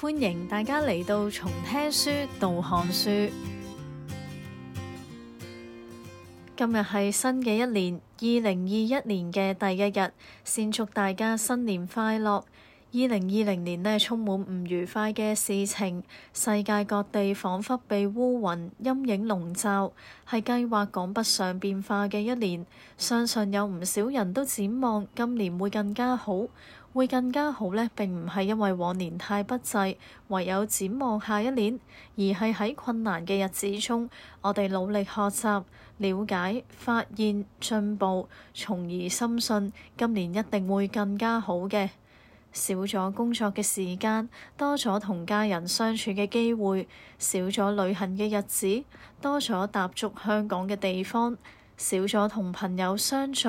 歡迎大家嚟到從聽書到看書。今日係新嘅一年，二零二一年嘅第一日，先祝大家新年快樂！二零二零年呢，充滿唔愉快嘅事情，世界各地仿佛被烏雲陰影籠罩，係計劃趕不上變化嘅一年。相信有唔少人都展望今年會更加好。會更加好呢，並唔係因為往年太不濟，唯有展望下一年，而係喺困難嘅日子中，我哋努力學習了解，發現進步，從而深信今年一定會更加好嘅。少咗工作嘅時間，多咗同家人相處嘅機會；少咗旅行嘅日子，多咗踏足香港嘅地方；少咗同朋友相聚，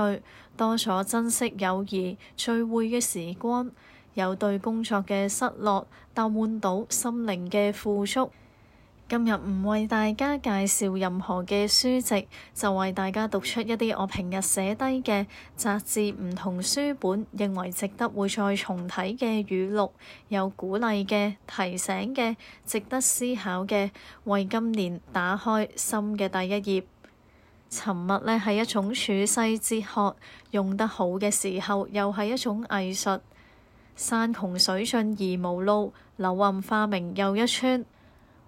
多咗珍惜友誼聚會嘅時光。有對工作嘅失落，但換到心靈嘅富足。今日唔為大家介紹任何嘅書籍，就為大家讀出一啲我平日寫低嘅雜誌唔同書本，認為值得會再重睇嘅語錄，有鼓勵嘅提醒嘅，值得思考嘅，為今年打開新嘅第一頁。沉默呢係一種處世哲學，用得好嘅時候，又係一種藝術。山窮水盡而無路，柳暗花明又一村。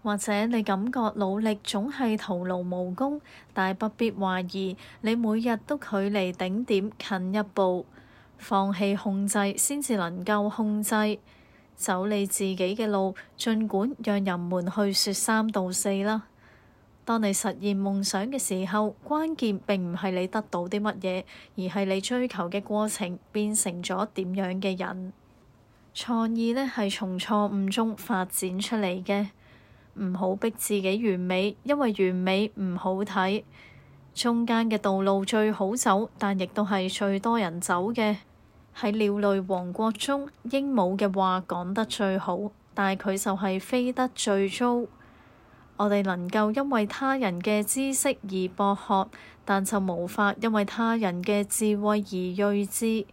或者你感覺努力總係徒勞無功，但不必懷疑，你每日都距離頂點近一步。放棄控制先至能夠控制，走你自己嘅路，儘管讓人們去説三道四啦。當你實現夢想嘅時候，關鍵並唔係你得到啲乜嘢，而係你追求嘅過程變成咗點樣嘅人。創意呢係從錯誤中發展出嚟嘅。唔好逼自己完美，因為完美唔好睇。中間嘅道路最好走，但亦都係最多人走嘅。喺鳥類王國中，鸚鵡嘅話講得最好，但係佢就係飛得最糟。我哋能夠因為他人嘅知識而博學，但就無法因為他人嘅智慧而睿智。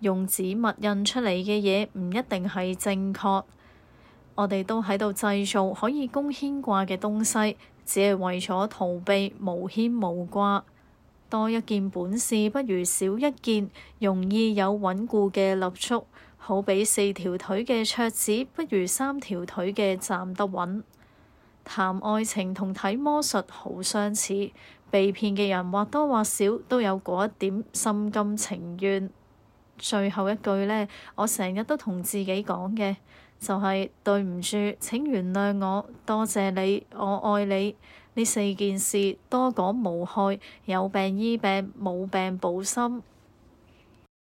用紙墨印出嚟嘅嘢唔一定係正確。我哋都喺度製造可以供牽掛嘅東西，只係為咗逃避無牽無掛。多一件本事不如少一件，容易有穩固嘅立足。好比四條腿嘅桌子不如三條腿嘅站得穩。談愛情同睇魔術好相似，被騙嘅人或多或少都有嗰一點心甘情願。最後一句呢，我成日都同自己講嘅就係，是，對唔住，請原諒我，多謝你，我愛你呢四件事多講無害，有病醫病，冇病補心。